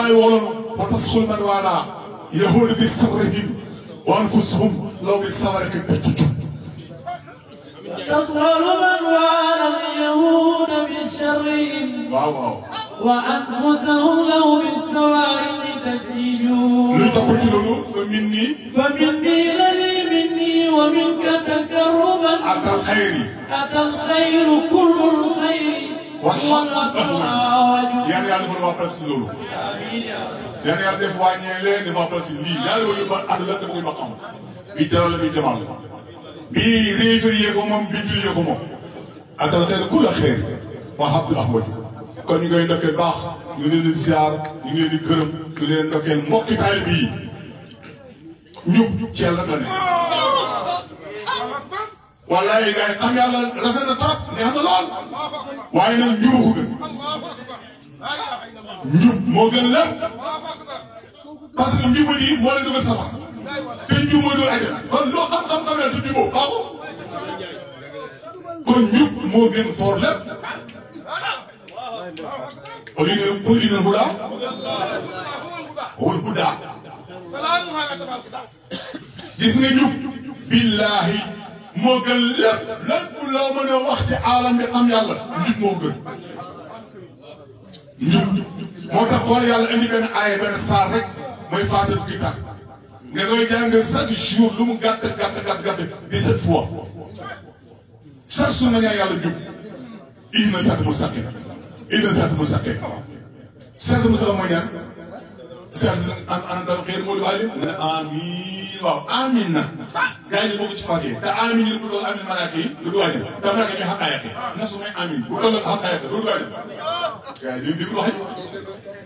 باي وتسخل من وانا يهول بسرهم وانفسهم لو بالسمرك بتجو تسخل من وانا اليهود بشرهم واو واو وأنفسهم لو بالسوارق تجيجون لتقتلوا فمني فمني الذي مني ومنك تكرما أتى الخير أتى الخير كل الخير kon yàlla yàlla defal waa presse loolu. yàlla yàlla def waa ñeelee def waa presse lii yàlla yooyu ba àdduna dafa koy baqam. bi jaral la bi jamal la. bi référé ko moom bi jullee ko moom. atal xeer ku la xeer. waa Abdou Ahmad. kon ñu koy ndokkeel baax ñu ngi leen ñu ngi di gërëm ñu ngi leen mbokki taalib yi ñub ci yàlla la ne. wallaay ngay xam yàlla rafet na trop neex na lool. waaye nag njubu ko gën njub moo gën lépp parce que njubu yi moo leen dugal safar te njub moo dugal ajjana kon loo xam-xam-xamee tu juboo baaxul kon njub moo gën foor lépp au lieu nga pour innal huda wal huda gis nga njub billahi moo gën lépp lépp loo mën a wax ci aalam bi am yàlla njub moo gën njub moo tax xool yàlla indi benn aaya benn saar rek mooy fàttali ki nga koy jàng chaque jour lu mu gàtt gàtt gàtt gàtt dix-sept fois chaque jour nañaa yàlla njub ihna sat mu saqe ihna sat mu saqe sat mu saqe mooy sëñ am am dama xëy na moo di waa Lim. mu ne amiin waaw amiin na. gaa yi boo ko ci fàggee. te amiin yi bu doon amiin malaaka yi du doon amiin. te malaaka yi xaqaa yàqee. na su may amiin bu doon xaqaa du doon amiin. gaa yi di wax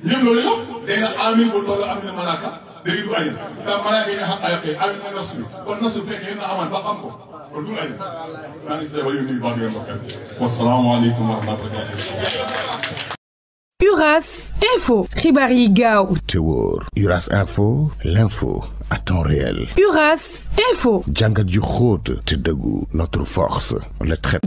ñoom loolu yow. da nga amiin bu doon amiin malaaka day du amiin. te malaaka yi xaqaa yàqee amiin mooy nas bi kon nas bi fekkee na amaan ba am ko kon du amiin. maa ngi si déglu yow nuyu baax na yow mbokk yi. wasalaamaaleykum wa rahmatulah. Uras Info, Ribari Gao. Tewor, Uras Info, l'info à temps réel. Uras Info. Djangat du te notre force, on le traite.